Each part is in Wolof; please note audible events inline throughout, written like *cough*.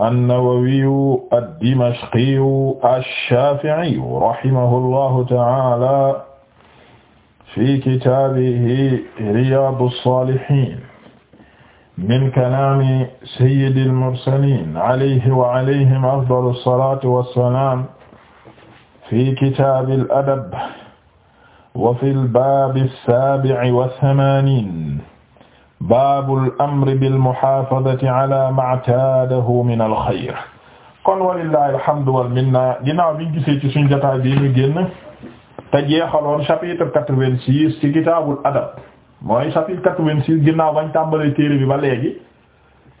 an-Nawawiyu ad-Dimashqiyu ash-Shafi'iyu rahimahullahu ta'ala fi kitaabihi Riyaadu s-Saalihiin min kalaami sayyidil mursaliin alayhi wa alayhim afdalu s-salaatu wa s-salaam fi kitaabil adab wa fil baabi s-saabi'i wa s-samaaniin baabul amri bil muhaafadati ala ma i'taadahu min al kon walillahi alhamdu wal minna ginnaaw biñ gisee ci suñ jotaay bii ñu génn te jeexaloon chapitre quatre-vingt-six ci kitaabul adab mooy chapitre quatre-vingt-six ginnaaw bañ tàmbalee téere bi ba léegi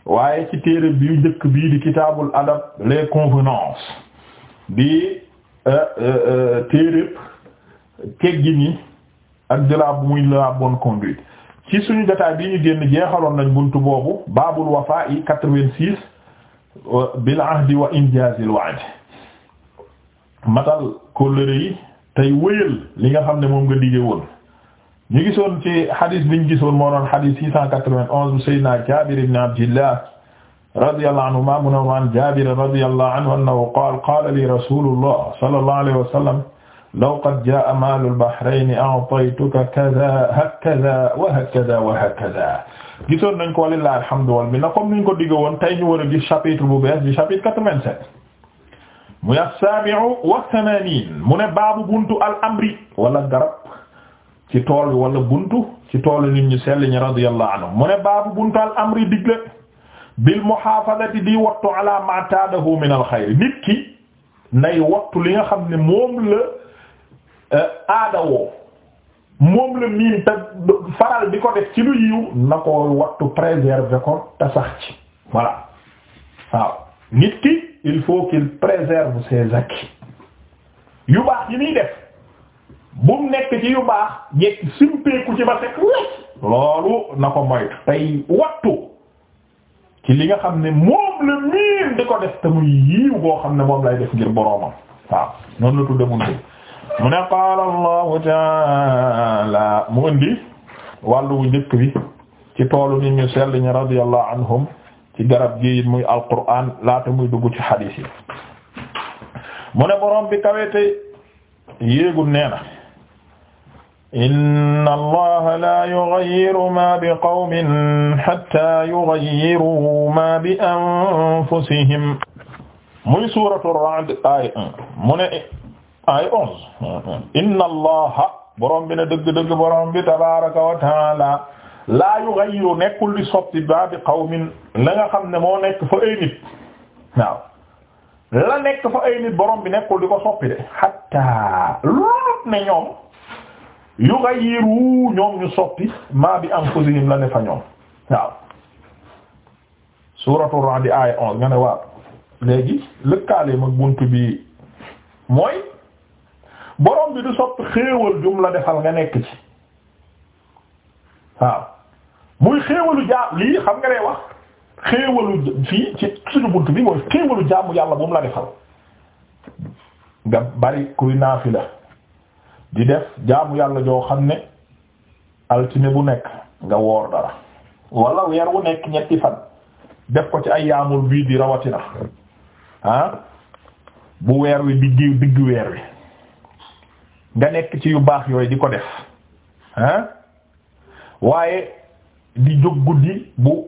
waaye ci téere bi njëkk bii di kitaabul adab les convenances di euh, euh, euh, téere teggin ak de la muy la bonne ci suñu jotaay bi ñu génn jeexaloon nañ buntu boobu baabul wafaa'i quatre-vingt-six bil ahdi wa injaazil wa'd matal kóllëre yi tey wëyal li nga xam ne moom nga dige woon ñu soon ci xadis biñ gisoon moo doon xadis six cent quatre-vingt-onze bu sayyidina Jaabir ibn Abdillah radiyallahu anhuma mu ne waan Jaabir radiyallahu anhu annahu qaala qaala law qad jaa maalul bahrayni a'taytuka kaza hakaza wa hakaza wa hakaza gisoon nañ ko walillahi alhamdu wal minna comme niñ ko digge woon tey ñu war a gis chapitre bu bees bi chapitre quatre-vingt-sept muy as-saabi'u wa thamaaniin mu ne baabu buntu al amri wala garab ci tool bi wala buntu ci toolu nit ñu sell ñi radiyallahu anhu mu ne baabu buntu al amri digle bil muhaafazati di wattu ala ma taadahu min al xayr nit ki nay wattu li nga xam ne moom la. Euh, aada woo moom la miin te faral di ko def ci lu yiw na ko wattu préserver ko te sax ci voilà waaw nit ki il faut qu'il préserve ses acquis yu baax yi muy def bu nekk ci yu baax jekk simpeeku ci ba fekk loolu na ko moytu tey wattu ci li nga xam ne moom la miin di ko def te muy yiw boo xam ne moom lay def ngir boroomam waaw noonu la tudde mun mu ne qaala allahu taala mu indi wàllu wu njëkk bi ci toolu nit ñu sell ñi radiyallahu anhum ci garab gi muy alquran laata muy dugg ci xadiis yi mu ne borom bi kawete yéegul nee na inna allaha la yughayyiru ma bi qawmin hatta yughayyiru ma bi anfusihim muy suuratu ra'd aaya 1 mu ne ay onze inna allaha borom bi na dëgg-dëgg borom bi tabaraka wa taala laa yughayyiru nekkul di soppi ba bi qawmin la nga xam ne moo nekk fa ay nit waaw la nekk fa ay nit borom bi nekkul di ko soppi de hatta loolu ne ñoom yughayyiru ñoom ñu soppi ma bi anfusihim la ne fa ñoom waaw suuratul Ra'd di aaya nga ne waaw léegi lëkkaale mag buntu bi mooy borom bi du soppi xéewal jum la defal nga nekk ci waaw muy xéewalu jaam lii xam nga lay wax xéewalu fii ci suñu bunt bi mooy xéewalu jaamu yàlla bu mu la defal nga bari kuy la di def jaamu yàlla joo xam ne altine bu nekk nga woor dara wala weer wu nekk ñetti fan def ko ci ay yaamul bii di rawatina ah bu weer wi digg digg weer wi nga nekk ci yu baax yooyu di ko def ah waaye di jóg guddi bu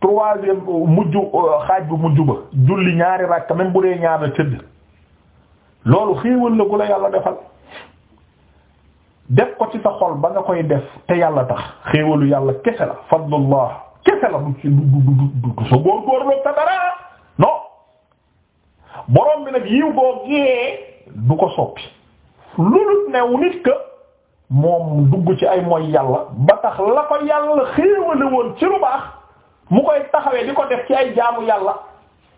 troisième euh, mujj euh, xaaj bu mujj ba julli ñaari rakk même bu dee ñaar a tëdd loolu xéewal la gu la yàlla defal def ko ci sa xol ba nga koy def te yàlla tax xéewalu yàlla kese la fadlullah kese la du ci du du du du sa góorgóorlu ta dara non borom bi nag yiw boo gee du ko soppi lulut new nit ka moom dugg ci ay moy yàlla ba tax la ko yàlla xéewale woon ci lu baax mu koy taxawee di ko def ci ay jaamu yàlla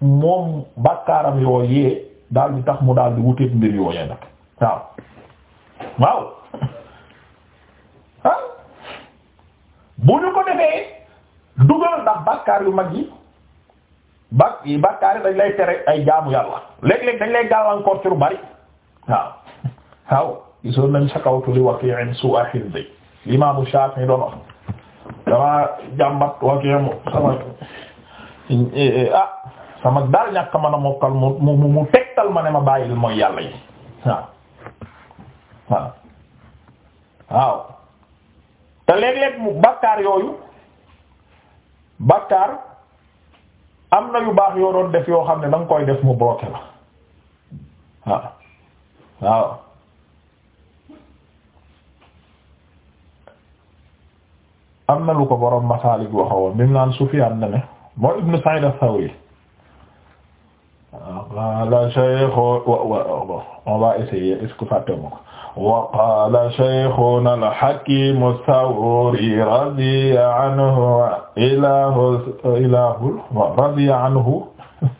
moom bàkkaaram yoo yee daal di tax mu daal di wuteet mbir yooyee nag waaw waaw ah bu ñu ko defee dugal ndax bàkkaar yu mag yi bak yi yi dañ lay tere ay jaamu yàlla léeg-léeg dañ lay gàllankoor ci lu bari waaw waaw gisoon nañ sa kawtu li waqi'in su'a hildi imaamu Shaafi'i doon wax damaa jàmbat waqi' sama ah sama daal ñàkk man a mokkal mu mu mu tegtal ma ne ma bàyyil mooy yàlla yi waaw waaw te léeg-léeg mu bakkaar yooyu bakkaar am na yu baax yoo doon def yoo xam ne da nga koy def mu bloqué la waaw waaw am na lu ko borom Masaalik waxoon bi mu naan Sufyaan na ne moo Ibnu Sa'iid as-Sawri qaala shaykhunaa on va essayer est-ce que fàtte ma ko wa qaala shaykhunaa al-Hakiim as-Sawri radiya anhu ilaahu ilaahu radiya anhu *laughs*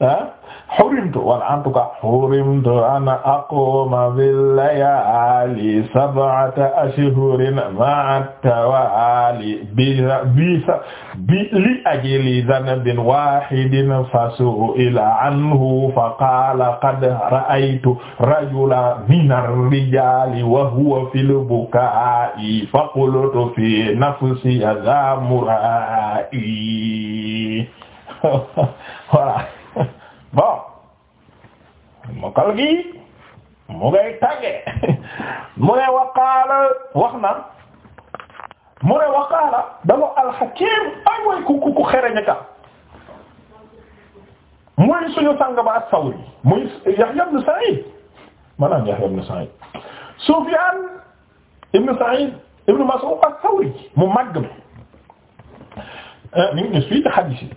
ah hurimtu wala en tout cas hurimtu an aquma fil layali sab'ata ashhurin ma'a tawali bi bi li ajli dhanbin wahidin fasu'ila anhu faqala qad ra'aytu rajulan min ar-rijali wa huwa fil buka'i faqultu fi nafsi ya dha mura'i *laughs* voilà mokkal gi mu ngay tàggee mu ne waqaala wax na mu ne waqaala dama alxakim ay way ku ku ku xereña ka muy suñu sang ba as-Sawri muy Yahya ibn Sa'id maanaam Yahya ibn Sa'id Sufyan ibn Sa'id ibn Mas'ud as-Sawri mu màgg mi ni eh, ngi gis fii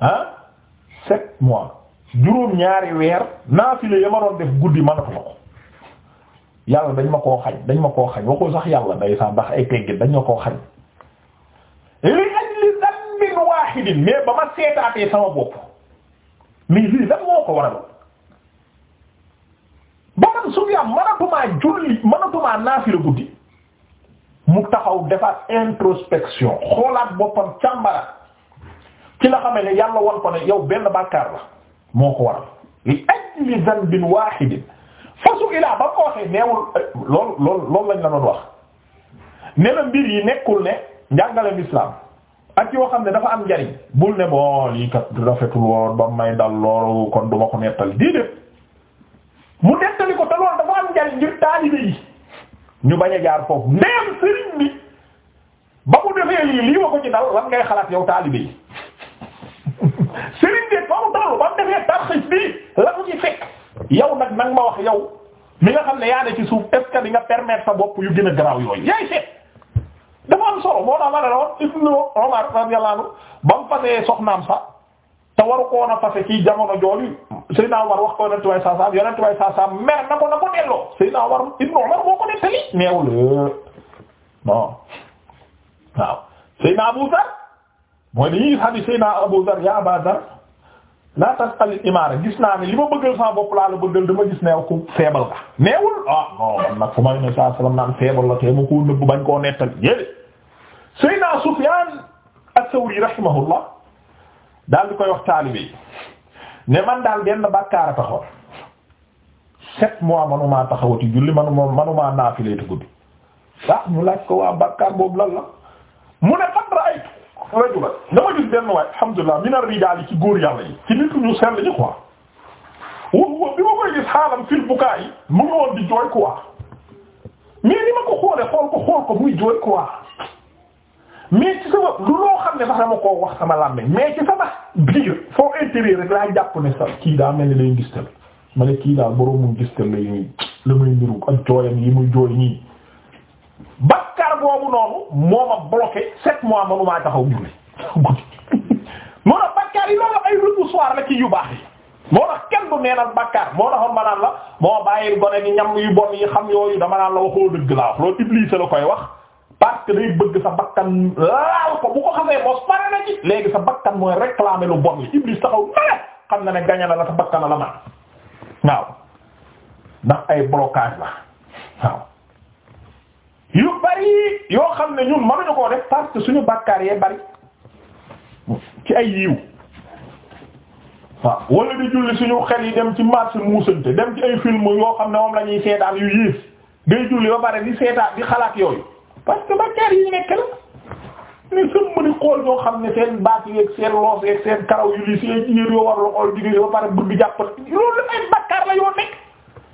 ah sept mois juróom ñaari weer naafile ya def guddi mënatuma ko yàlla dañ ma koo xañ dañ ma koo xañ waxul sax yàlla day sax ndax ay teggin dañ ma koo xañ li ajli dambin ba ma seetaatee sama bopp mais lii lan moo ko waral ba man su yam mënatumaa julli mënatumaa naafile guddi mu taxaw defaat introspection xoolaat boppam càmbara ci la xam ne yàlla wan ko ne yow benn bàkkaar la moo ko waral li ajli zanbin wahidin fasu ilaa ba ko waxee neewul lool eh, lool lañ la doon wax ne la mbir yi nekkul ne njàngalem islam ak yoo xam ne dafa am njariñ bul ne bon lii kat rafetul woon ba may dal loolu kon duma ko nettali déedéet mu nettali ko te loolu dafa am njariñ ngir taalibe yi ñu bañ a jaar foofu ndeem sëriñ bi ba mu defee lii lii wa ko ci dal lan ngay xalaat yow taalibe yi Serigne de Paw Daro ba mu defee tarxis bi la ko ci fekk yow nag nag ma wax yow mi nga xam ne yaa ne ci suuf est di nga permettre sa bopp yu gën a garaaw yooyu yaay seet dafa am solo moo tax ma ne la woon Ibnu Umar radiyallahu anhu ba mu fasee soxnaam sax te waru ko woon a fase ci jamono jooju Seydina o wax ko Yonent bi sallallahu alayhi wasallam Yonent bi sallallahu alayhi wasallam mer na na Umar Ibnu Umar moo ko nettali neewul non waaw Seydina Abu Dharr mooy dañuy gis xadis Seydina Abu Zar ya Aba Zar la tasal imaara gis naa ne li ma bëggal sama bopp laa la bëggal dama gis ne ku feebal ka neewul ah non man nag fu ma ne saa salaam naan feebal sawri rahimahullah daal di koy wax taalibe yi ne man daal benn bàkkaar a taxoon sept mois manumaa taxawati julli manuma manumaa naafileetu guddi ah ñu laaj waa bàkkaar boobu lan mu ne qad ra'aytu way dugal dama gis benn waay alhamdulilah minar rijaal yi ci góor yàlla yi ci nit ñu sell ñi quoi wa bi ma koy gis xaalam fil bukaay mu ngi woon di jooy quoi mais ni ma ko xoolee xool ko xool ko muy jooy quoi mais ci sama lu loo xam ne sax dama koo wax sama làmmiñ mais ci sama biir foo intérieur rek jàpp ne sax kii daa mel ni lay ma ne kii daal boroomu gis tamit la ñuy la muy niru ak jooyam yi muy jooy ñii boobu noonu moo ma bloqué sept mois manumaa taxaw julli moo tax la ci yu kenn du neenal bàkkaar moo taxoon ma la moo bàyyil gone ni ñam yu bon yi xam yooyu dama naan la waxoo dëgg laa wax loolu Iblis la koy wax parce que day bëgg sa bakkan laal ko bu ko xamee mos pare na ci léegi sa bakkan mooy réclamer lu bon li Iblis taxaw nawet xam na ne gaña na la sa bakkan la man waaw ndax ay blocage la waaw yu bari yoo xam ne ñun mënuñu koo def parce que suñu bakkaar yee bari ci ay yiw waaw wala di julli suñu xer yi dem ci marché muusante dem ci ay film yoo xam ne moom la ñuy seetaan yu yiis day julli ba pare di seetaan di xalaat yooyu parce que bakkaar yi ñu nekk la ne sëmm di xool ñoo xam ne seen baat yeeg seen loos yeeg seen karaw yu li seen yër yoo war la xool jigéen ba pare bëgg jàpp loolu ay bakkaar la yoo nekk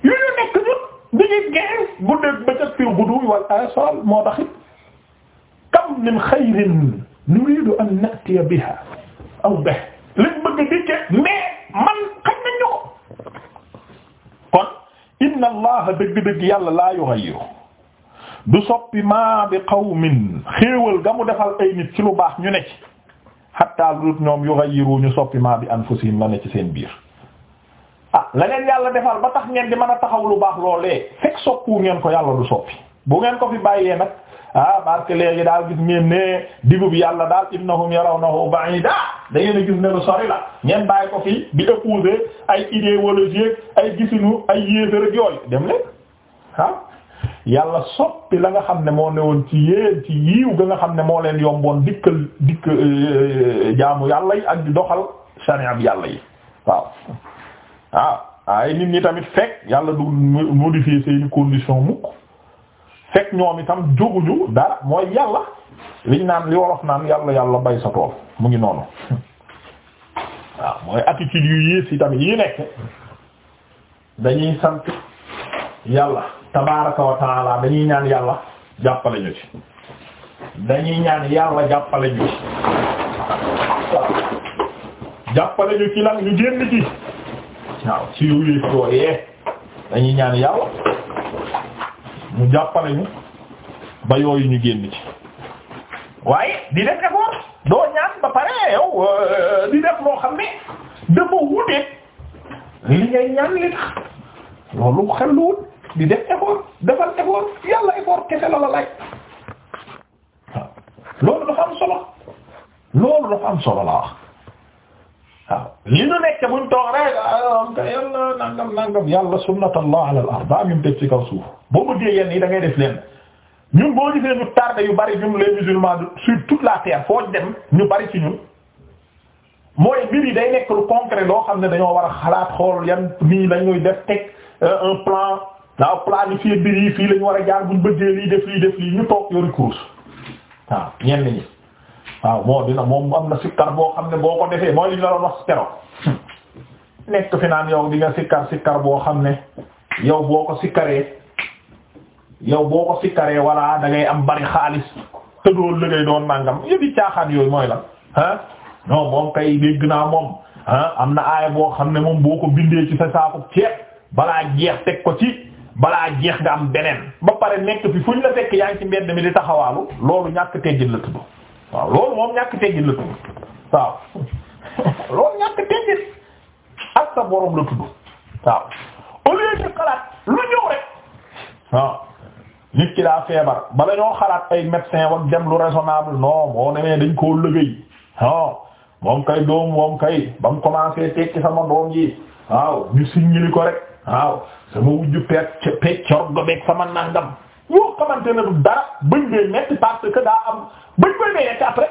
yu ñu nekk ñun bi ngi gees bu dégg ba ca fiw gudu wal asal moo taxit kam min xayrin nuridu an natiya biha aw bih lañ bëgg dikke mais man xañ nañ ñu ko kon inna allaha dëgg-dëgg yàlla laa yughayyiru du soppi maa bi qawmin xéewal ga gamu defal ay nit ci lu baax ñu ne ci hatta lu dut ñoom yughayyiru ñu soppi maa bi anfusihim la ci seen biir ah la ngeen yàlla defal ba tax ngeen di mën a taxaw lu baax loolee fekk soppu ngeen ko yàlla lu soppi bu ngeen ko fi bàyyee nag ah parce léegi daal gis ngeen ne digub yàlla daal innahum yarawnahu ba'ida da ngeen a gis ne lu sori la ngeen bàyyi ko fi bi épouser ay idéologie ay gisinu ay yéeser ak yooyu dem leen ah soppi la nga xam ne moo newoon ci yéen ci yiw ga nga xam ne moo leen yomboon dikkal dikk eh, jaamu yàlla yi ak di doxal sharia bi yàlla yi waaw. waaw ah, ay nit ñi tamit fekk yàlla du modifier seeni condition mukk fekk ñoom itam jóguñu dara mooy yàlla liñ naan li wolof naan yàlla yàlla bay sa tool mu ngi noonu waaw *laughs* ah, mooy attitude yu yées yi tamit yi nekk dañuy sant yàlla tabaaraka wa dañuy ñaan yàlla jàppale ñu ci dañuy ñaan yàlla jàppale ñu ci jàppale ñu ci lan ñu génn ci waaw ci yu yëf yooyee dañuy ñaan yàlla mu jàppale ñu ba yooyu ñu génn ci waaye di def effort doo ñaan ba pare yow euh, di def loo xam ne dafa wute li ngay ñaan li tax loolu xel lu di def effort defal effort yàlla effort kese la la laaj loolu dafa am solo loolu dafa am solo la wax waaw li nu nekk buñ toog rek ah, am yàlla nangam nangam yàlla sunnatallah ala al ard daa am ci kaw suuf boo bëggee yenn yi da ngay def leen ñun boo gisee ñu tardé yu bari ñun les musulmans sur toute la terre foo dem ñu bari ci ñun mooy mbir yi day nekk lu concret loo xam ne dañoo war a xalaat xool yan nii la ñuy def teg euh, un plan waaw planifier mbir yi fii lañu war a jaar buñ bëggee lii def lii def lii ñu toog yori course waaw ñenn ñi. waaw moo dina moom am na sikkar boo xam ne boo ko defee mooy li ñu la doon wax kero nekk fi naan yow di sikkar sikkar boo xam ne yow boo ko sikkaree yow boo ko sikkaree walla da ngay am bari xaalis te doon liggéey doon nangam yëfi caaxaan yooyu mooy la ah non moom kay dégg naa moom ah am na aaya boo xam ne moom boo ko bindee ci sa saako ceeb balaa jeex teg ko ci balaa jeex nga am beneen ba pare nekk fi fuñ la fekk yaa ngi ci mbedd mi di taxawaalu loolu ñàkk teggin waaw loolu moom ñàkk teggin la tudd waaw loolu ñàkk teggin lu ñëw rek waaw ki daa feebar bala ñoo xalaat ay médecin wax dem lu raisonnable non moo demee dañ koo lëgëy non moom kay doom moom kay ba mu commencé tekki sama doom ji waaw ñu signali ko rek waaw sama wujju pet pet corgo beeg sama nangam yoo xamante ne du dara bañ bee metti parce que daa am bañ bee metti après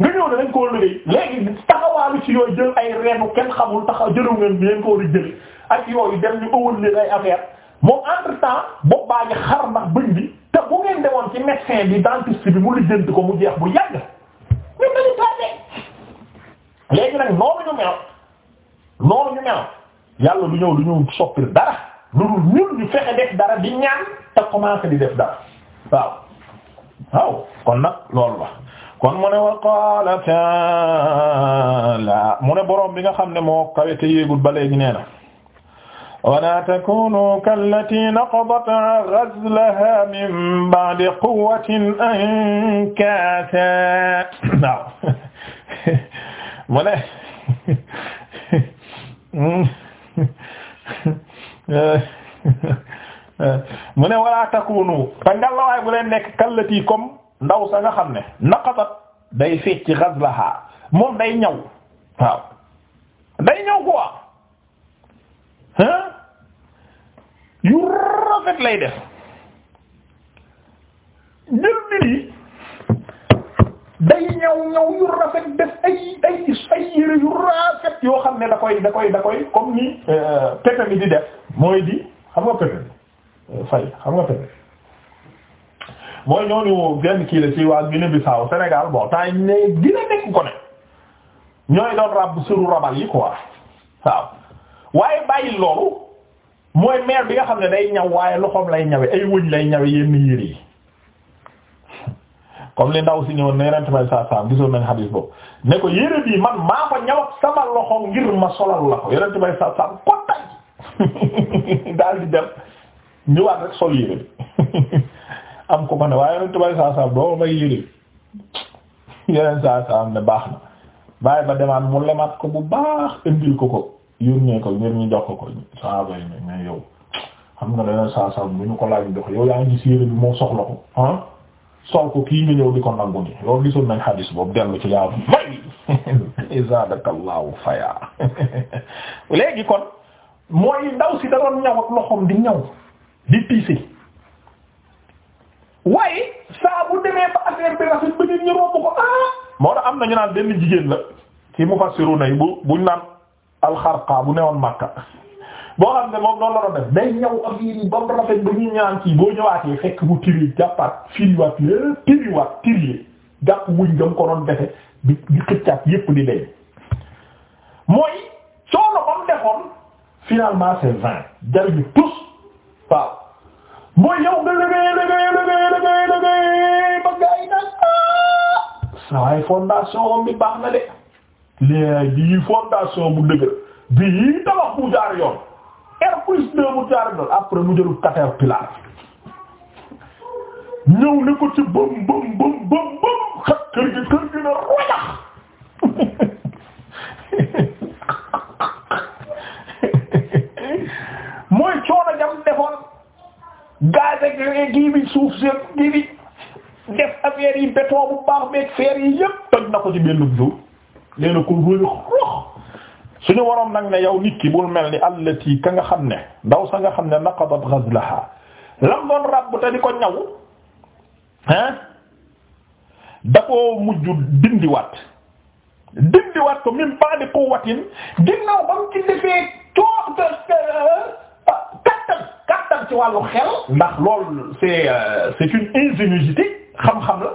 nga ñëw ne dañ koo liggéey léegi taxawaalu ci yooyu jël ay reenu kenn xamul taxaw jëlu ngeen ngeen ko war a jël ak yooyu dem ñu ëwal leen ay affaire moom entre temps bopp baa ngi xar ndax bëñ bi te bu ngeen demoon ci médecin bi dentiste bi mu lijjant ko mu jeex bu yàgg ñun dañu tardé léegi nag noonu ñu mel noonu ñu mel yàlla lu ñëw lu ñëw soppir dara. lu ñun ñu fexe def dara di ñaan te commencé di def la kon mu ne wa qaala taala mu bi nga xam ne moo kawete yéegul wala takunu kallati naqadat ghazlaha min ba'di quwwatin ankaasa *laughs* *laughs* *laughs* mu ne walaa takunu te ngallawaay bu leen nekk kallati comme ndaw sa nga xam ne naqatat day fecc ghazlaha moom day ñaw waaw day ñaw ko waa yu rafet lay def jël nit yi day ñëw ñëw yu rafet def ay ay ay yu rafet yoo xam ne da koy da koy da koy comme ni euh, pepe di def mooy di xam nga pepe euh, fay xam nga pepe mooy ñooñu benn kii la ci waa Guinée-Bissau Sénégal bon temps ne dina nekk ko ne ñooy doon rab suru rabal yi quoi waaw waaye bàyyi loolu mooy maire bi nga xam ne day ñaw waaye loxoom lay ñawe ay wëñ lay ñawe yenn yére yi comme li ndaw si ñëwoon ne rent may saa saam gisoon nañ xadiis boobu ne ko yére bii man maa ko ñawat sama loxo ngir ma solal la ko rent may saa saam kottay daal di dem ñëwaat rek sol yére bi *laughs* am ko ma ne waaye rent may saa saam doo may yére yeneen saa saam ne baax na bàyyi ba demaat mu lemaat ko bu baax indil ko ko yónnee ko ngir ñu jox ko ko saaba yi ne mais xam nga leneen saa saam bu ñu ko laaj jox yow yaa ngi gis yére bi moo sol ko kii nga ñëw di ko nangu ni loolu gisoon nañ xadis boobu dellu ci yaa fay izadakallahu faya léegi kon mooy ndaw si da ñaw ak loxoom di ñaw di tiise waaye saa bu demee ba affaire bi rafet ba nit ñi romb ko ah moo tax am na ñu naan benn jigéen la ci mufassiruna yi bu buñ naan alxarqa bu newoon Makka boo xam ne moom noonu la doon def day ñaw ak yéen ba mu rafet ba ñuy ñaan kii boo ñëwaatee fekk bu tiri jàppaat firiwaat lépp tiriwaat tiri jàpp wuñ nga ko doon defe di di xëccaat yépp di dee. mooy solo ba mu defoon finalement c'est jariñu tous waaw mooy yow nga liggéey liggéey ba gars ah, fondation bi baax na de. léegi fondation bu dëgër bii tabax bu jaar yoon. R plus 2 mu jaar na après mu jëlu caterpillar ñëw ne ko ci bëm bëm bëm bëm bëm kër gi kër gi na rojax mooy coono jam defoon gaz ak kii bi suuf si kii bi def affaire yi béton bu baax beeg fer yi yépp toj na ko ci benn jour nee ko wëri suñu waroon nag ne yow nit ki bul mel ni allati ka nga xam ne ndaw sa nga xam ne naqadat ghazlaha lam doon te di ko ñaw hein da koo mujj dindiwaat dindiwaat ko min ba'di quwwatin ginnaaw ba mu ci ah, ci wàllu xel ndax loolu c'est euh, une ingéniosité xam-xam la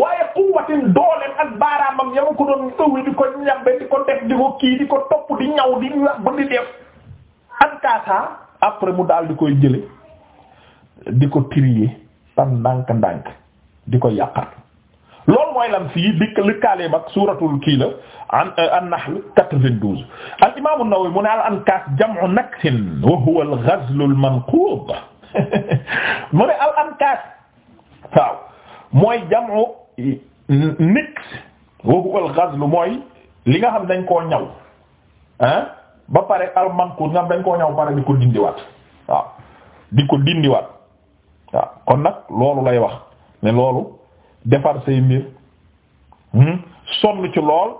waaye quwwatin dooleem ak baaraamam yamu ko doon di ko ñambe di ko kii di ko topp di ñaw di wax ba di def ak mu daal di koy jële di ko trier par ndànk di ko yàqat loolu mooy lam fii dikk lëkkaaleem ak suuratul kii la an euh, an-Nahl 92 al-Imaam an-Nawawi mu ne al-ankaas jam'u naksin wa huwa al-ghazlu al-manquub *laughs* mu ne al-ankaas waaw mooy jamu nix waxu al ghazl mooy li nga xam dañ koo ñaw ah ba pare al manqud nga xam dañ koo ñaw pare di ko dindiwaat waaw di ko dindiwaat waaw kon nag loolu lay wax ne loolu defar say mbir hmm? sonn ci lool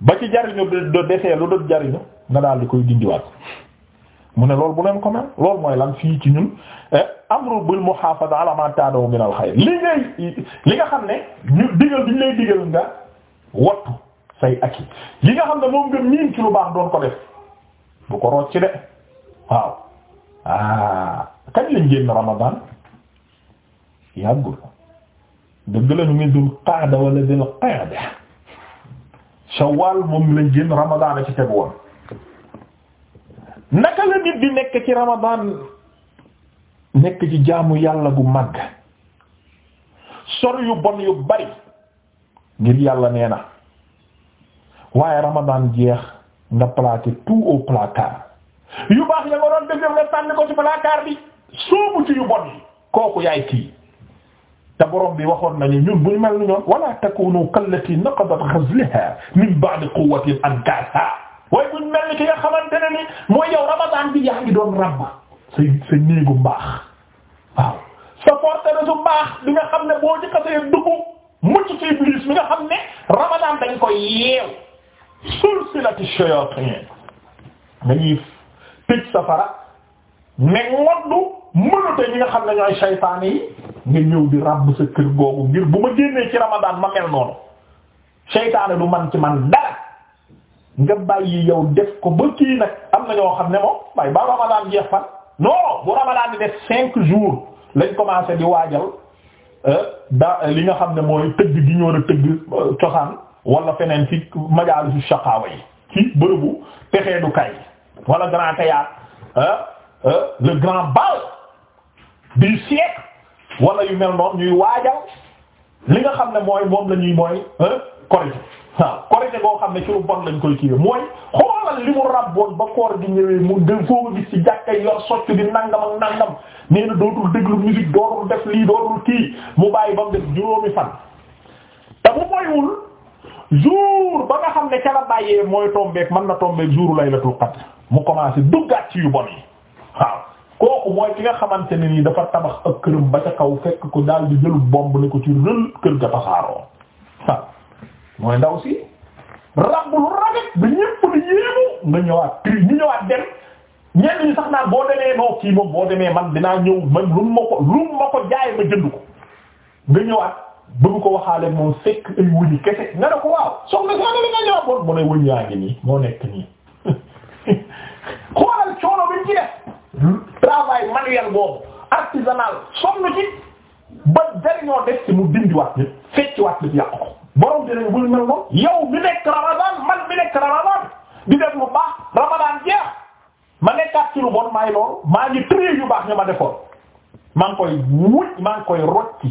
ba ci jariñu do desee lu dul jariñu nga daal di koy dindiwaat mu ne lool bu leen ko lool mooy lan fii ci ñun eh? amru bil muhafaza ala ma taanu min al xayr li nga xam ne ñu digal bi ñu lay digal nga wattu say aki li nga xam ne moom nga miin ci lu baax doon ko def bu ko rocc de waaw ah kañ lañ génn Ramadan yàggul dëgg la ñu ngi dul qaada wala dul qaada Shawwal moom lañ génn Ramadan a ci teg woon naka la nit di nekk ci Ramadan. nekk ci jaamu yàlla gu màgg sor yu bon yu bari ngir yàlla nee na waaye Ramadan jeex nga placer tout au placard yu baax ya nga doon def nga sànni ko ci placard bi soobu ci yu bon kooku yaay kii te borom bi waxoon nañu ñun buñu mel ni ñoom wala takunu kallati naqadat ghazlaha min ba'di quwwatin ankasa waaye buñu mel ni ki nga xamante ni mooy yow Ramadan bi yaa ngi doon ràbb sa sa néegu mbaax waaw sa forteresse su mbaax nga xam ne boo ci duggu mucc ci iblis mi nga xam ne ramadan dañ koy yeew sulsilati shayatin dañuy tëj nga ñëw di ràbb sa kër googu ngir bu ma génnee ci ramadan ma mel noonu saytaane du man ci man dara nga bàyyi yow def ko ba kii nag am na ñoo xam ne moom waaye ba ramadan jeex fan non bu ramadaan di def cinq jours lañ commencé di waajal euh, da li nga xam ne mooy tëgg di ñu war a tëgg euh, cosaan wala feneen ci majaalisu shaqaawa yi ci bërëbu texee du kay wala grand théâtre euh, le grand bal du siècle wala yu mel noonu ñuy waajal li nga xam ne mooy moom la ñuy mooy corrigé waaw korite goo xam ne ci lu bon lañ koy kiiwee mooy xoolal li mu rabboon ba koor gi ñëwee mu de foo ko gis ci jàkka yi yor socc di nangam ak nangam nee na dootul déglu musique dootul def lii dootul kii mu bàyyi ba mu def juróomi fan. te bu moywul jour ba nga xam ne ca la bàyyee mooy tombeek mën na tombeek jour laylatul qadr mu commencé duggaat ci yu bon yi waaw kooku mooy ki nga xamante ne nii dafa tabax ak këram ba ca kaw fekk ko daal di jël bomb ne ko ci rël kër mooy ndaw si rab lu rafet ba ñëpp di yéemu nga ñëwaat tri ñu ñëwaat dem sax naan boo demee noo kii moom boo demee man dinaa ñëw man lu mu ma ko lu mu ma ko jaay ma jënd ko nga ñëwaat bëgg ko waxaale moom fekk ay wuñu kese nga ne ko waaw soxna si ana nga ñëwaat bon mu ne wuñ yaa ngi nii moo nekk nii *laughs* xoolal coono bi ci def manuel boobu artisanal sonn ci ba jariñoo def ci mu dindiwaat nit fecciwaat nit yàq ko borom dinañ bul mel noonu yow mi nekk Ramadan man mi nekk Ramadan di def lu baax Ramadan jeex ma nekkaat ci lu bon maay loolu maa ngi trier yu baax ñu ma defoon maa ngi koy wuj maa ngi koy rocci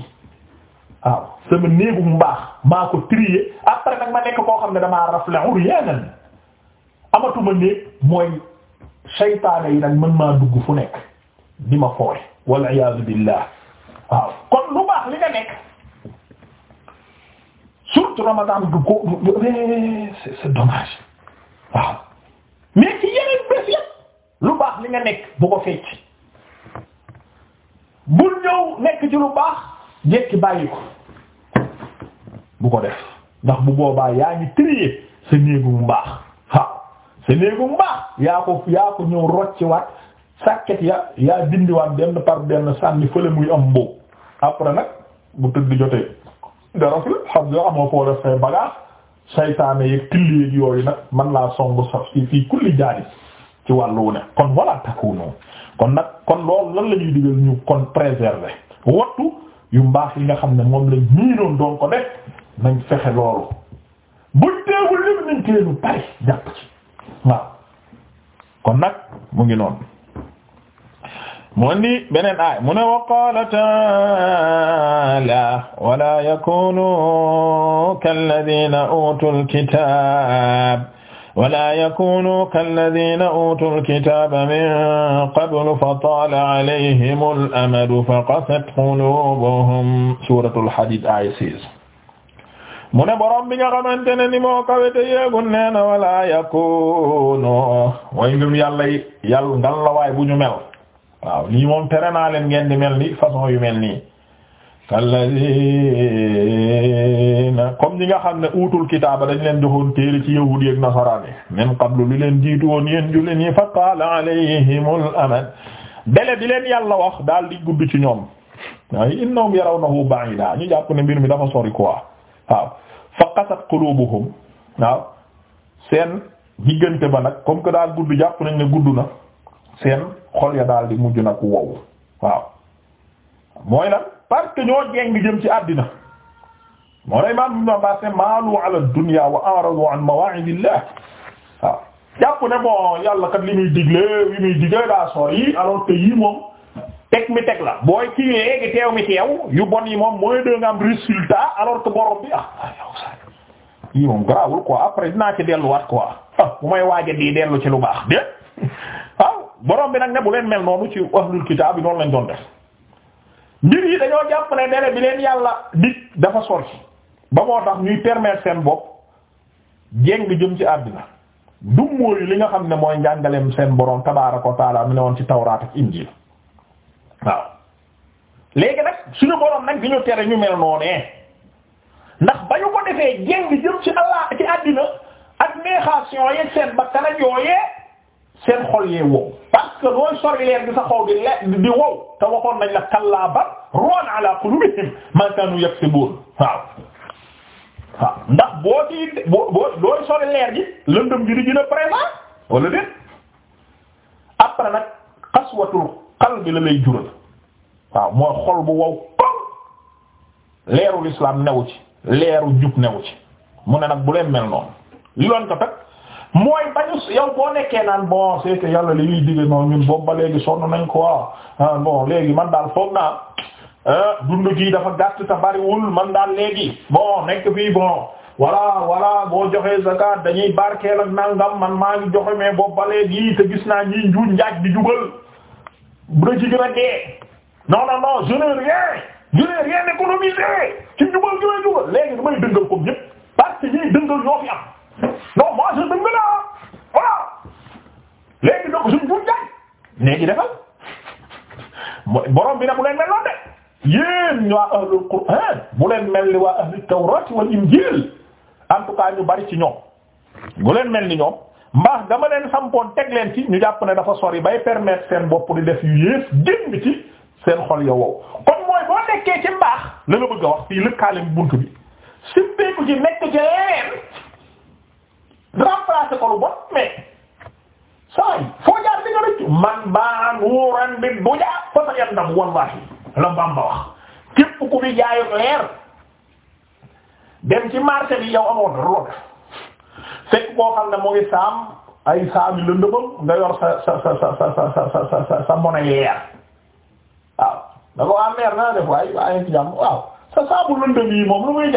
waaw sama néegu mu baax maa ko trier après nag ma nekk koo xam ne damaa rafetlu riyaanan amatuma néeg mooy saytaane yi nag mën maa dugg fu nekk di ma fooy. wal iyaazu billah waaw kon lu baax li nga nekk. surtout Ramadan du ko c'est c'est dommage waaw mais ci yeneen bés yépp lu baax li nga nekk bu ko fecc bul ñëw nekk ci lu baax jekki bàyyi ko bu ko def ndax bu boobaa yaa ngi trier sa néegu mu baax waaw sa néegu baax yaa ko yaa ko ñëw rocci waat sàkket ya yaa dindiwaat benn par benn sànni fële muy am mboob après nag bu tëdd jotee dara fi alhamdulilah amoo foo def say bagage saytaane yeeg tilli yooyu nag man laa songu sax fii fii kulli jaari ci wàllu wu ne kon wala takunu kon nag kon loolu lan la ñuy digal ñu kon préserver wattu yu mbaax yi nga xam ne moom lañ miinoon doon ko def nañ fexe loolu buñ teewul lépp nañ teelu pare jàpp ci waaw kon nag mu ngi noonu. mu indi beneen aay mu ne wa qaala taala wala yakunu kalladina utul kitaab wala yakunu kalladina utul kitaab min qablu fataala alayhimul amadu faqasat qulubuhum suuratul hadiid aaya seize mu ne borom bi nga xamante ne ni moo kawe te yeegul nee na wala yakunu way ngëm yàlla yàlla ngal la waay bu ñu mel waaw lii moom tere naa leen ngeen di mel ni façon yu mel nii kallazina comme li nga xam ne uutul kitaaba dañ leen joxoon téere ci yahuud ak nasaraan yi min qablu li leen jiitu woon yéen julli ñi fa taala alayhimul amad dele bi leen yàlla wax daal di gudd ci ñoom waaye bu yarawnahu ba'ida ñu jàpp ne mbir mi dafa sori quoi waaw fa qasat qulubuhum waaw seen diggante ba nag comme que daal gudd jàpp nañ ne gudd na seen xol ya daal di mujj na ku wow waaw mooy lan parce que ñoo jeng jëm ci àddina moo lay maam na ba se maalu ala dunya wa aradu an mawa'idillah waaw jàpp ne bon yàlla kat li muy digle li muy digle daa sor yi moom teg mi teg la booy ki yeegi teew mi teew yu bon yi moom mooy de nga am résultat alors que borom bi ah ah yow sa yii moom garaawul quoi après dinaa ci delluwaat quoi ah bu may di dellu ci lu baax de borom bi nag ne bu leen mel noonu ci ahlul kitaab bi noonu lañ doon def mbir yi dañoo jàpp ne dere bi leen yàlla dig dafa sori ba moo tax ñuy permettre seen bopp jéng jëm ci àddina du mooy li nga xam ne mooy njàngaleem seen boroom tabaaraka wa taala mu ne woon ci tawraat ak injiil waaw léegi nag suñu borom nag di ñu tere ñu mel noonee ndax ba ñu ko defee jéng jëm ci Allah ci àddina ak neexation yeeg seen bakkan ak yooyee seen xol yee wow parce looy sori leer gi sa xol di le di wow te waxoon nañ la kallaa bal ron ala qulubihim ma kanu yaksibun waaw waaw ndax boo ci boo boo looy sori leer gi lëndëm gi di gën a présent wala déet qaswatul qalbi la lay jural waaw mooy xol bu wow kom leerul islam newu ci leeru jub newu ci mu ne nag bu leen mel noonu li loon ko tag mooy bañu yow boo nekkee naan bon c'est que yàlla li ñuy digg noonu ñun boobu ba léegi sonn nañ quoi ah, ah, bon man daal foog naa ah, dund gi dafa gàtt te bariwul man daal léegi bon nekk fii bon voilà voilà boo joxee zakat dañuy barkeel ak nangam man maa ngi joxe mais boobu ba léegi gis naa ñi njuuñ njaaj di jubal bu la ci dee non non non je n'ai rien je n'ai rien économisé ci jubal jubal léegi damay dëngal ko ñépp parce que ñiy dëngal ñoo non moi je dëgg la voilà léegi donc suñ buñ bi nag bu leen mel noonu de yéen ñu waa ahlul qur'an bu leen mel ni waa ahlut tawrat wal injil en tout ñu bari ci ñoom bu leen mel ni ñoom mbaax dama leen sampoon teg leen ci ñu jàpp ne dafa sori bay permettre seen bopp di def yu yées génn ci seen xol ya wow kon mooy boo nekkee ci mbaax la nga bëgg a wax fii lëkkaaleem bunt bi simpeeku ci nekk ci remplacer ko lu bon mais saa yi foo jaar di nga rëccu man baa sa yandam wallahi la Bamba wax képp ku fi jaayu leer dem ci marché bi yow amoon dara loo def fekk koo ne mu ngi ay saam yu lëndëmal nga yor sa sa sa sa sa sa sa sa monnaie leer waaw da ko am leer naa def sa saabu lëndëm yi moom lu muy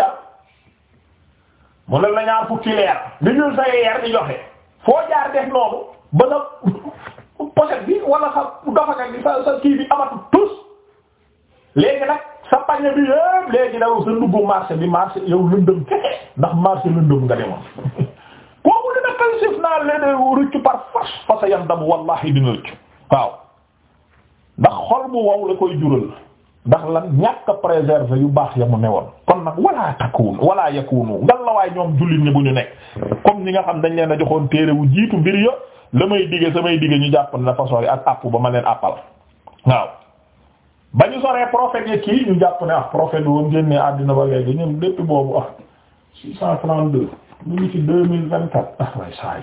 mu ne la ñaar fukki leer li ñuy sa yeer di joxe foo jaar def noonu ba sa pochette bi wala sa dofaka bi sa sa kii bi amatu tus léegi nag sa pañe bi yëpp léegi daw sa dugg marché bi marché yow lëndëm kese ndax marché lëndëm nga demoon *laughs* kooku dina pensif naa léeg-léeg rëccu par force fa sa yandam wallahi dina rëccu waaw ndax xol bu wow la koy jural ndax lan ñàkk a préserver yu baax ya mu newoon kon nag wala takkuun wala yakunu ngal la waay ñoom jullit ñi bu ñu nekk comme ñi nga xam dañ leen a joxoon téere wu jiitu mbir ya la may digge samay digge ñu jàpp na façon yi ak àpp ba ma leen àppal waaw ba ñu soree prophète yi ñu jàpp ne ah prophète boobu génnee àddina ba léegi ñun depuis boobu ah 632 ñu ngi ci 2024 ah waaye saa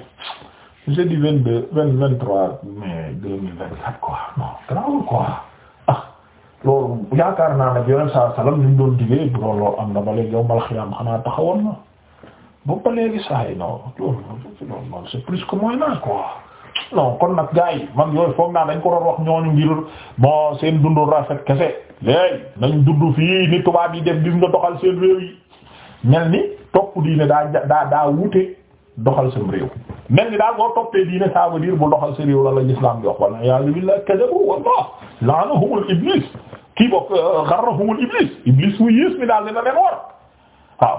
yi jeudi 22 23 mai 2024 quoi non grawul quoi. loolu yaakaar naa nag yoneen saa salaam ni mu doon digee bu doon loolu am na ba léegi yow mal xiyam xanaa taxawoon na boobu ba léegi saa nag gars yi man yooyu foog naa dañ ko doon wax ñooñu seen dundu rafet kese léegi nañ dund fii ni tubaab yi def gis nga doxal seen réew yi mel ni daa daa daa wuute doxal sam réew mel ni daal boo toppee diine ça veut dire bu doxal sa la iblis kii bokk xarrahumul euh, iblis iblis mu yées mi daal dina leen war waaw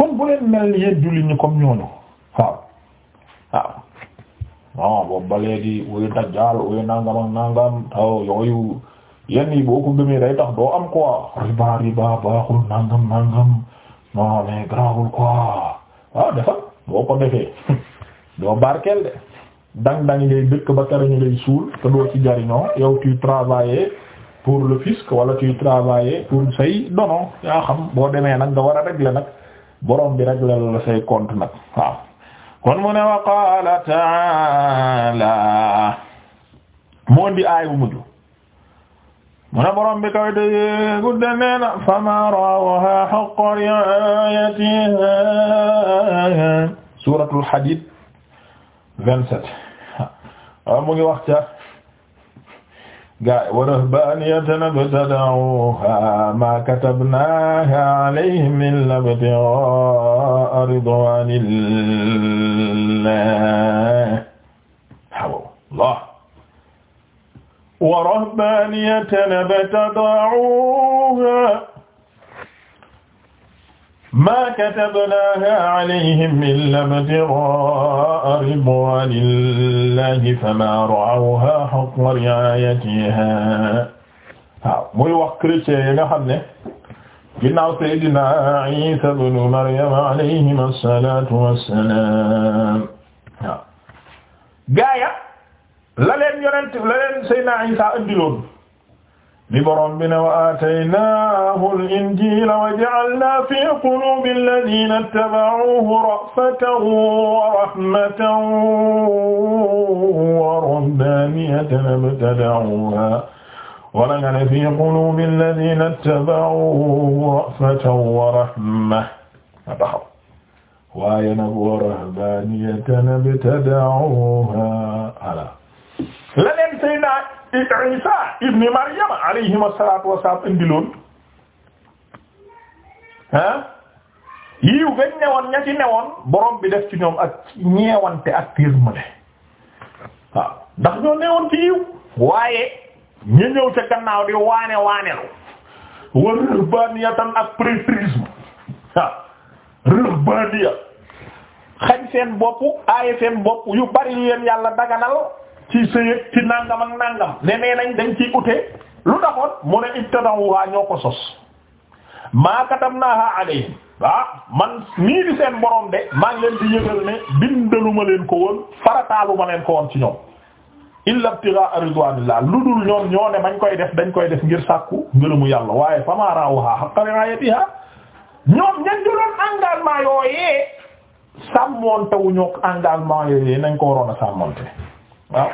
kon bu leen mel ni jullit ñi comme ñooñu waaw waaw non boobu ba léegi wuyu dajjaal wuyu nangam ak nangam yooyu yenn yi boo ko gëmee day tax doo am quoi riba riba baaxul nangam nangam non mais garaawul waaw defal boo ko defee *laughs* doo barkeel de dang dang ngay dëkk ba tere ñu lay suul te doo ci jariñoo yow tu travailler pour le fisc wala tuy travailler pour say dono yaa boo demee nag nga war a régler nag borom bi régler la say compte nag waaw kon mu ne wa qaala ta'ala moo di aay bu mujj mu ne borom bi kaw te gudde nee na famaa ra'awhaa haqqa ri'aayatihaa suuratul Hadiid 27 mu ngi wax gaa wa rahbaaniyatan ibtada'uuhaa maa katabnaahaa alayhim illaa ibtighaa'a ridwaanillaah Allah wa rahbaaniyatan ibtada'uuhaa maa katabnaahaa alayhim illaa ibtighaa'a ridwaanillaahi famaa ra'awhaa haqqa ri'aayatihaa waaw muy wax chrétien yi nga xam ne ginnaaw Seydina Iisa ibnu Maryam alayhim assalaatu wassalaam waaw gaaya la leen yonent la leen Seydina Iisa andiloon bi borom bi ne wa aataynahu al-injiila wa ja'alnaa fi quluubi allaziina ittaba'uuhu ra'fatan wa rahmatan wa rahbaaniyatan ibtada'uuhaa wala nga ne fi quluubi allaziina ittaba'uuhu ra'fatan wa rahmatan waaye nag wa rahbaaniyatan ibtada'uuhaa Isa ibni Maryam alayhim asalatu wasalaam indiloon ah yiw gañ newoon ña ci newoon borom bi def ci ñoom ak ñeewante ak tiirmale waaw ndax ñoo newoon ci yiw waaye ñu ñëw ca gannaaw di waane waanelu war rëhbaniya tan ak prétrisme waaw rëhbaniya xañ seen bopp aaye seen bopp yu bari yu leen yàlla daganal ci sëyeeg ci nangam ak nangam ne nee dañ ciy ute lu taxoon mu ne ibtadawuha ñoo ko sos maa katabnaha alayhim ah man nii di seen borom de maa leen di yëgal ne bindaluma leen ko woon farataaluma leen ko woon ci ñoom illa ibtigha ridwanillah lu dul ñoom ñoo ne mañ koy def dañ koy def ngir sàkku ngërëmu yàlla waaye fama ra'awha haqqa ri'ayatiha ñoom ñan jëloon engagement yooyee sàmmoonte wu ñoo engagement yooyee nañ ko waroon a waaw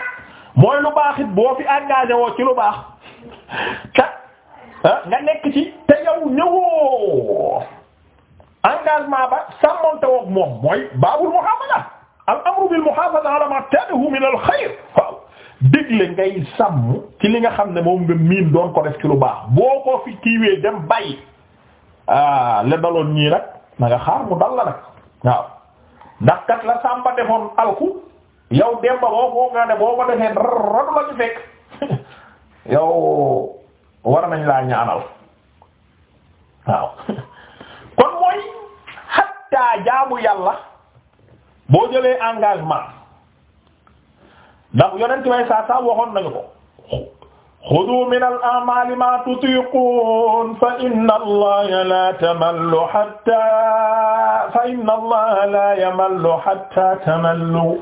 mooy lu baax boo fi engagé woo ci lu baax te ah, nga nekk ci te yow ñëwoo engagement ba sàmmonte woog moom mooy baabul muhafaza al bil muhafaza ala ma min al waaw digle ngay sàmm ci li nga xam ne moom nga miin doon ko def ci lu baax boo ko fi kiiwee dem bàyyi ah la daloon ñii nag na nga xaar mu dal la nag waaw ndax kat la sàmba defoon alku yow demba boo ko nga ne boo ko defee dara du la ci fekk *laughs* yow war nañ laa ñaanal waaw *laughs* kon mooy hatta jaamu yàlla boo jëlee engagement ndax yonent way saa saa waxoon nañu ko xudu min al amali ma tutiqun fa inna allaha la tamallu hatta fa inna allaha la yamallu hatta tamallu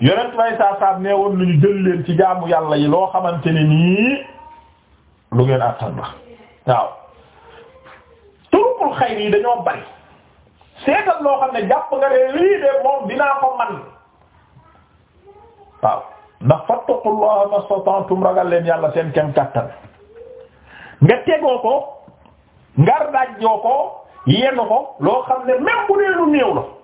yonent may saa saab nee woon jël leen ci jaamu yàlla yi loo xamante ni nii lu ngeen attan la waaw turukul xayri yi dañoo bari seetal loo xam ne jàpp nga ne lii de moom dinaa ko man waaw ndax fattaqullaha mastata'tum ragal leen yàlla seen kem kattan nga tegoo ko ngar daajoo ko yenn ko loo xam ne même bu dee la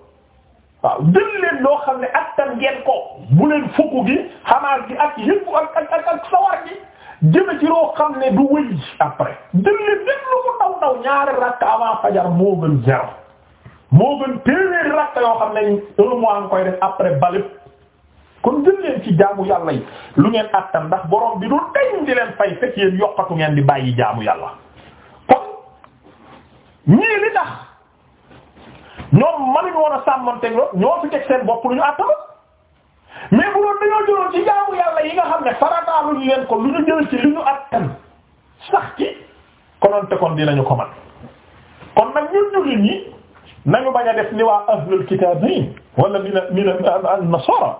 waaw jël leen loo xam ne attan ngeen ko bu leen fukk gi xamaar gi ak yëngu ak ak ak ak sawar gi jëme ci loo xam ne du wëy après jël leen lépp lu ko ndaw ndaw ñaari rakk avant fajar moo gën zéro moo gën téeméeri rakk yoo xam ne un mois nga koy def après balib kon jël leen ci jaamu yàlla yi lu ngeen attan ndax borom bi du dañ di leen fay fekk yéen yokkatu ngeen di bàyyi jaamu yàlla ñii li tax ñoom mënuñu woon a sàmmanteeg loolu ñoo fi teg seen bopp lu ñu àttama mais bu doon dañoo jëloon ci jaamu yàlla yi nga xam ne farataaluñu leen ko lu ñu jël ci lu ñu àttan sax ci kononte kon dinañu ko man kon nag ñun ñu leen ñi nañu bañ a def ni waa ahlul kitaab yi wala mina mina an-nasara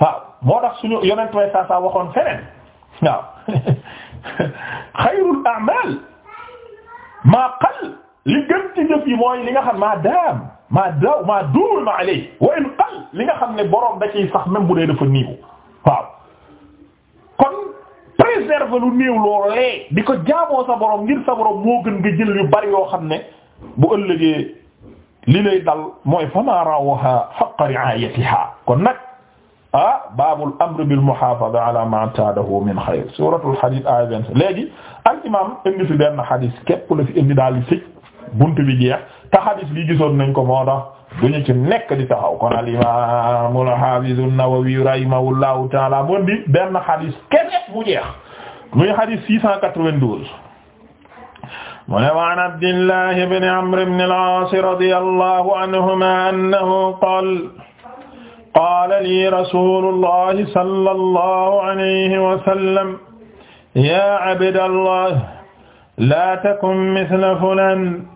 waaw moo tax suñu yonent way saa saa waxoon feneen waaw *laughs* xayrul a'mal ma li gën yi mooy li nga xam maa daam maa daw maa duul in qal li nga xam ne boroom da ciy sax même bu dee dafa niiw waaw kon préserver lu néew loolee di ko jaamoo sa boroom ngir sa boroom moo gën nga jël yu bari yoo xam ne bu ëllëgee li lay dal mooy fama rawaha haqqa ri'ayatiha kon nag ah baabul amr bil muhaafadha ala ma ataadahu min xayr suuratul hadiid ayat vingt-sept léegi al imam indi fi benn hadis képp la fi indi daal di buntu bi jeex te hadis bi gisoon nañ ko moo tax duñu ci nekk di taxaw kon al imam al hafiz an-Nawawi rahimahullahu taala moom bi benn hadis kese mu jeex muy hadis 692 mu ne wa an Abdillahi ibn Amr ibn al-As radiyallahu anhuma annahu qala qaala lii rasuulullahi sallallahu alayhi wa sallam yaa abdallah laa takun misla fulaan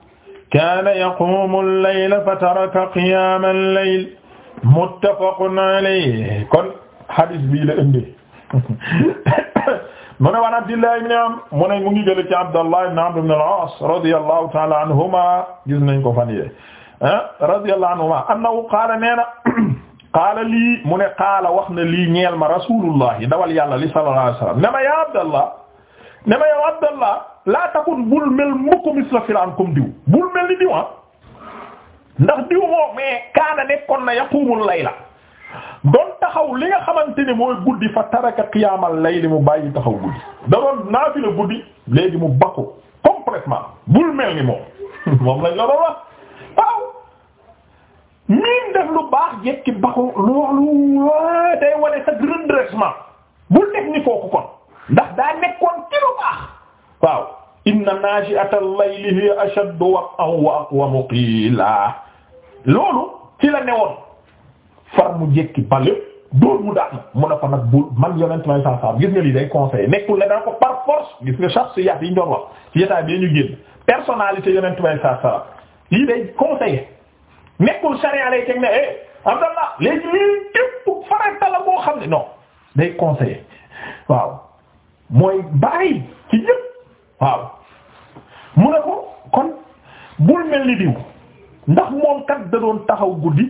kaana yaqumu al-layla fa taraka qiyaama al-layl muttafaqun alayhi kon hadis bii la indi mu ne waan Abdullah ibn Amr mu ne mu ngi jële ci Abdullah ibn Amr ibn al-As radiyallahu ta'ala anhuma gis nañ ko fan yee ah, radiyallahu anhuma annahu qaala nee na *clears throat* qaala lii mu ne qaala wax na lii ñeel ma rasulullah dawal yàlla li sallallahu alayhi wasallam ne ma ya Abdallah ne ma yow Abdallah laa takun bul mel mukk misla filaan comme diw bul mel ni diw ah. ndax diw moo mais kaana nekkoon na yaqumul layla doon taxaw li nga xamante ne mooy guddi fa taraka qiyaamal layli mu bàyyi taxaw guddi da doon naafila guddi léegi mu bakku complètement bul mel ni moom *laughs* moom lañ la doon wax waaw miin def lu baax jekki bakku loolu ah, day wane sa redressement bul def ni kooku kon ndax daa nekkoon ci lu baax waaw inna naji'ata al-layli hiya ashaddu wat'an wa aqwamu qiila loolu ci la newoon far mu jekki bale dóor mu mu ne ko nag bu man yonent may sa sam gis nga day conseillé nekkul ne danga ko par force gis nga shakhsiyaat yi ñu doon wax ci jotaay bi ñu génn personnalité yonent may sa sam lii day conseillé nekkul sharia lay teg ne eh Abdallah léegi lii képp farata la boo xam ne non day conseillé waaw mooy bàyyi ci ñëpp waaw mu ne ko kon bul mel ni diw ndax moom kat da doon taxaw guddi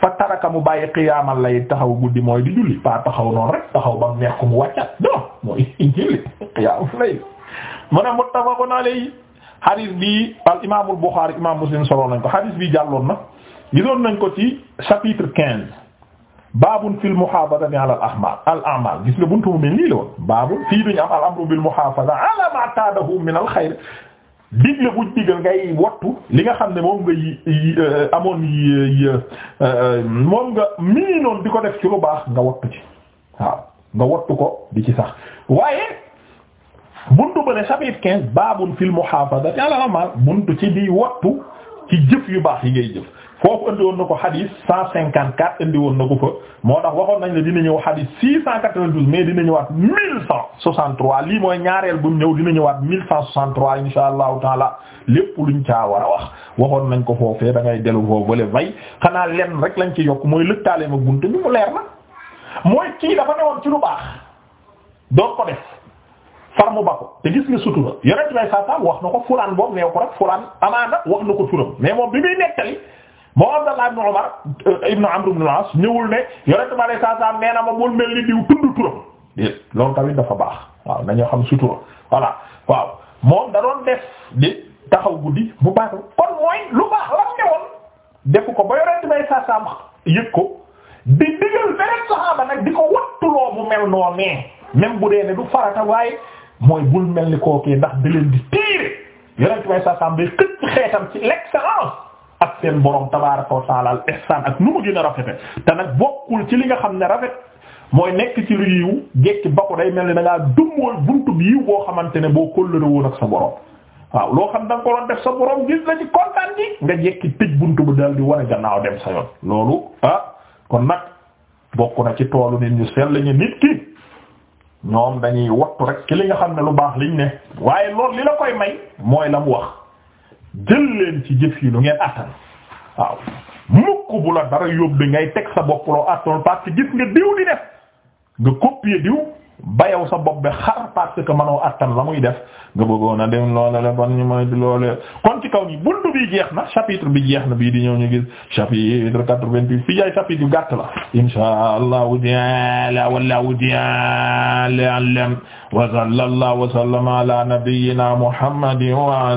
fa taraka mu bàyyi xiyaamal lay taxaw guddi mooy di julli pas taxaw noonu rek taxaw ba neex ko mu wàccat non mooy *laughs* julli xiyaamal lay mu ne muttafaqun alayhi hadis bi al imaamul Buxaari imaam Muslim solo nañ ko hadis bi jàlloon na gisoon nañ ko ci chapitre quinze baabun fil muhaafadati ala al ahmaal al a'maal gis nga buntu mu mel nii la woon baabun fii bi ñu am al amru bil muhaafada ala ma ataadahu min al digle buñ digal ngay wattu li nga xam ne moom nga yi euh, amoon yi euh, euh, moom nga mii noonu di ko def ci lu baax nga wattu ci waaw nga wattu ko di ci sax waaye buntu ba ne chapitre quinze baabun muhaafadati ala al a'maal ci di wattu ci jëf yu baax yi ngay jëf. foofu indi woon na ko xadis cent cinquante quatre indiwoon woon na ko fa moo tax waxoon nañ ne dina ñëw xadis six cent quatre-vingt-douze mais dina ñëwaat mille cent soixante-trois lii mooy ñaareel bu ñëw dina ñëwaat mille cent soixante-trois insha allahu taala lépp luñ caa war a wax waxoon nañ ko foofee da ngay dellu foofu vale vay xanaa lenn rek lañ ci yokk mooy lëkkaale ma bunt bi mu leer na mooy kii dafa newoon ci lu baax doon ko def far mu bako te gis nga sutura wax na ko moo Abdallah ibn Umar euh, ibn Amr ibn al-As ne saasaam nee ma bul mel ni diw tudd turam loolu tamit dafa baax waaw nañoo xam sutura voilà waaw moom da doon def di taxaw guddi bu baax kon mooy lu baax la ne woon def ko ba yonent may saasaam yëg ko di digal beneen saxaaba nag ko wattuloo mu mel noonee même bu dee ne du farata waaye mooy bul mel ni kookee ndax di leen di tiire yonent may saasaam day xëcc xeetam ci l'excellence seen borom tabaaraka wa ta'ala al ihsaan ak nu mu gën a rafete te nag bokkul ci li nga xam ne rafet mooy nekk ci lu yiw jekki ba ko day mel ni da ngaa dummool buntu bi yiw boo xamante ne boo kóllëre woon sa borom waaw loo xam da nga ko doon def sa borom gis la ci kontaan gi nga jekki tëj bunt bu dal di wane gannaaw dem sa yoon loolu ah kon nag bokk na ci toolu nit ñu sell ñu nit ki ñoom dañuy wattu rek ki li nga xam ne lu baax liñ ne waaye loolu li la koy may mooy la mu wax jël leen ci jëf lu waaw mukk bu dara yóbbu ngay teg sa bopp loo attool parce gis nga diw di def nga copier diw bayaw sa bopp bi xar parce que manoo attan la muy def nga bëggoon a dem loola la ban ñu may di loolee kon ci kaw nii bi jeex na chapitre bi jeex na bii di ñëw ñu gis chapitre quatre-vingt-huit fii jaay chapitre yu gàtt la insha allahu taala wallahu taala alam wa sallallahu wa sallama ala nabiyyina muhammadin wa